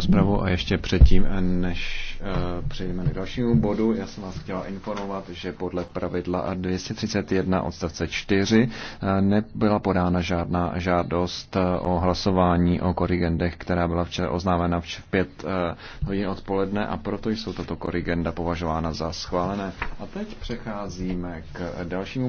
rozpravu a ještě předtím, než eh, přejdeme k dalšímu bodu, já jsem vás chtěla informovat, že podle pravidla 231 odstavce 4 eh, nebyla podána žádná žádost eh, o hlasování o korigendech, která byla včera oznámena v 5 hodin odpoledne a proto jsou tato korigenda považována za schválené. A teď přecházíme k dalšímu bodu.